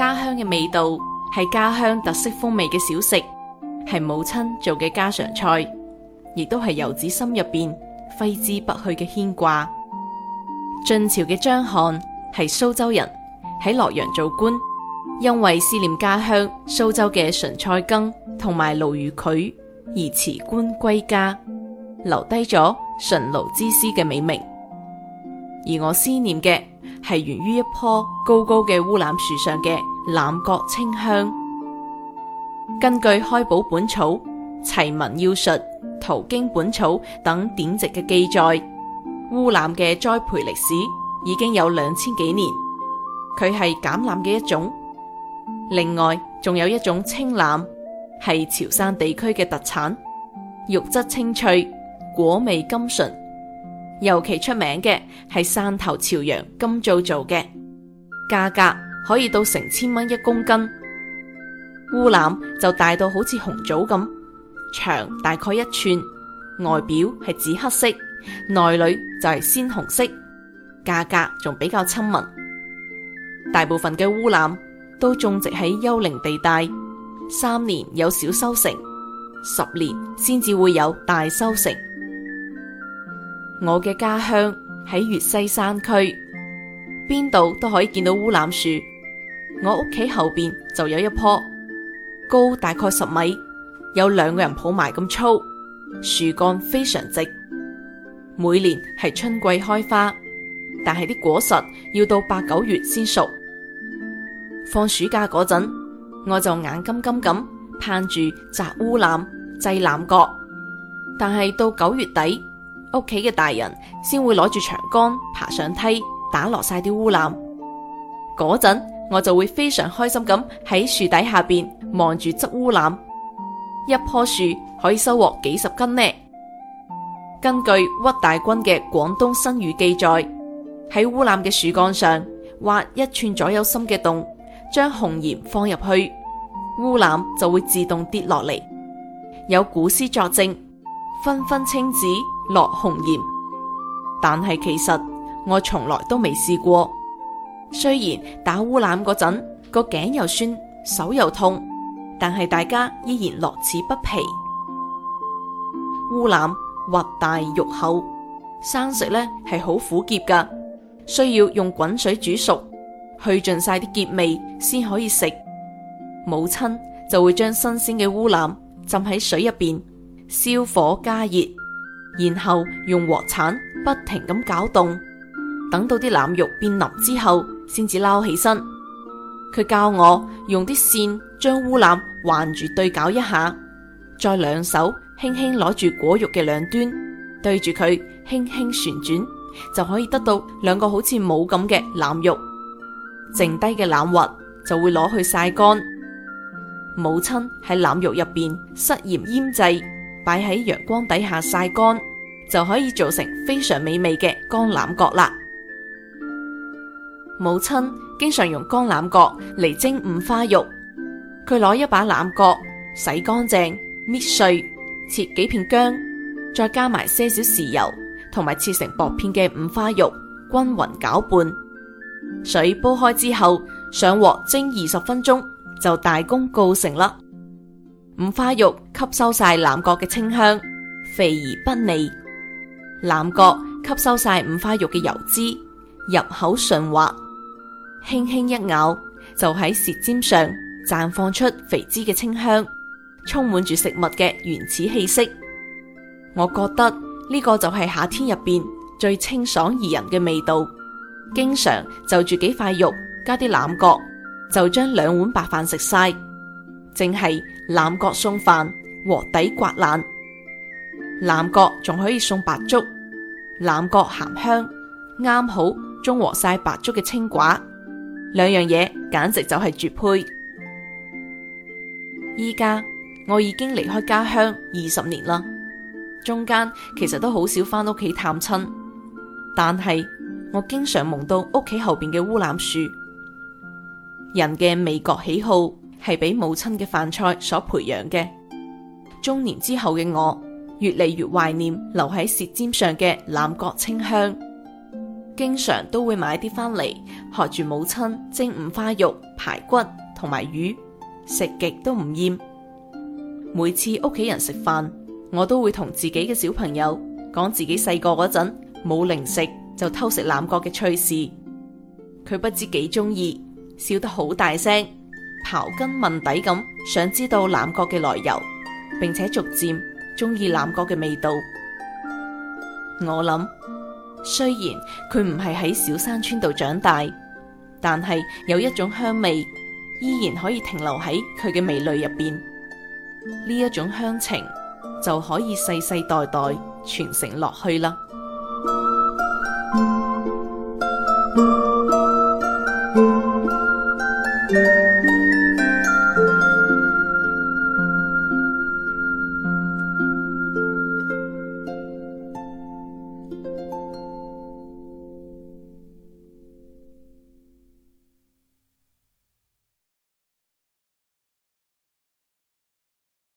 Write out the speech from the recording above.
家鄉嘅味道係家鄉特色風味嘅小食，係母親做嘅家常菜，亦都係遊子心入邊揮之不去嘅牽掛。晉朝嘅張翰係蘇州人，喺洛陽做官，因為思念家鄉蘇州嘅蓴菜羹同埋鱸魚膾而辭官歸家，留低咗蓴鱸之思嘅美名。而我思念嘅係源於一棵高高嘅烏欖樹上嘅。南國清香，根據《開寶本草》《齊民要術》《圖經本草》等典籍嘅記載，烏欖嘅栽培歷史已經有兩千幾年。佢係橄欖嘅一種。另外，仲有一種青欖，係潮汕地區嘅特產，肉質清脆，果味甘醇，尤其出名嘅係汕頭潮陽金灶做嘅，價格。可以到成千蚊一公斤，烏欖就大到好似紅棗咁，長大概一寸，外表係紫黑色，內裏就係鮮紅色，價格仲比較親民。大部分嘅烏欖都種植喺丘陵地帶，三年有小收成，十年先至會有大收成。我嘅家鄉喺粵西山區。邊度都可以見到烏欖樹，我屋企後邊就有一棵，高大概十米，有兩個人抱埋咁粗，樹幹非常直。每年係春季開花，但係啲果實要到八九月先熟。放暑假嗰陣，我就眼金金咁盼住摘烏欖、製欖角，但係到九月底，屋企嘅大人先會攞住長杆爬上梯。打落晒啲烏欖，嗰陣我就會非常開心咁喺樹底下邊望住執烏欖。一棵樹可以收穫幾十斤呢？根據屈大均嘅《廣東新語》記載，喺烏欖嘅樹幹上挖一寸左右深嘅洞，將紅鹽放入去，烏欖就會自動跌落嚟，有古詩作證：紛紛青子落紅鹽，但係其實，我從來都未試過，雖然打烏欖嗰陣個頸又酸，手又痛，但係大家依然樂此不疲。烏欖核大肉厚，生食呢係好苦澀噶，需要用滾水煮熟，去盡晒啲澀味先可以食。母親就會將新鮮嘅烏欖浸喺水入邊，燒火加熱，然後用鑊鏟不停咁攪動。等到啲欖肉變腍之後，先至撈起身。佢教我用啲線將烏欖橫住對絞一下，再兩手輕輕攞住果肉嘅兩端，對住佢輕輕旋轉，就可以得到兩個好似帽咁嘅欖肉。剩低嘅欖核就會攞去曬乾。母親喺欖肉入邊塞鹽醃製，擺喺陽光底下曬乾，就可以做成非常美味嘅乾欖角啦。母親經常用乾欖角嚟蒸五花肉，佢攞一把欖角洗乾淨，搣碎，切幾片薑，再加埋些少豉油，同埋切成薄片嘅五花肉，均匀攪拌。水煲開之後，上鑊蒸二十分鐘就大功告成啦。五花肉吸收晒欖角嘅清香，肥而不膩；欖角吸收晒五花肉嘅油脂，入口順滑。輕輕一咬，就喺舌尖上綻放出肥脂嘅清香，充滿住食物嘅原始氣息。我覺得呢個就係夏天入邊最清爽宜人嘅味道。經常就住幾塊肉加啲欖角，就將兩碗白飯食晒，淨係欖角送飯，鑊底刮爛。欖角仲可以送白粥，欖角鹹香，啱好中和晒白粥嘅清寡。兩樣嘢簡直就係絕配。依家我已經離開家鄉二十年啦，中間其實都好少翻屋企探親，但係我經常夢到屋企後邊嘅烏欖樹。人嘅味覺喜好係俾母親嘅飯菜所培養嘅。中年之後嘅我，越嚟越懷念留喺舌尖上嘅欖角清香。經常都會買啲翻嚟學住母親蒸五花肉、排骨同埋魚，食極都唔厭。每次屋企人食飯，我都會同自己嘅小朋友講自己細個嗰陣冇零食就偷食欖角嘅趣事。佢不知幾中意，笑得好大聲，刨根問底咁，想知道欖角嘅來由，並且逐漸中意欖角嘅味道。我諗。雖然佢唔係喺小山村度長大，但係有一種鄉味依然可以停留喺佢嘅味蕾入邊，呢一種鄉情就可以世世代代傳承落去啦。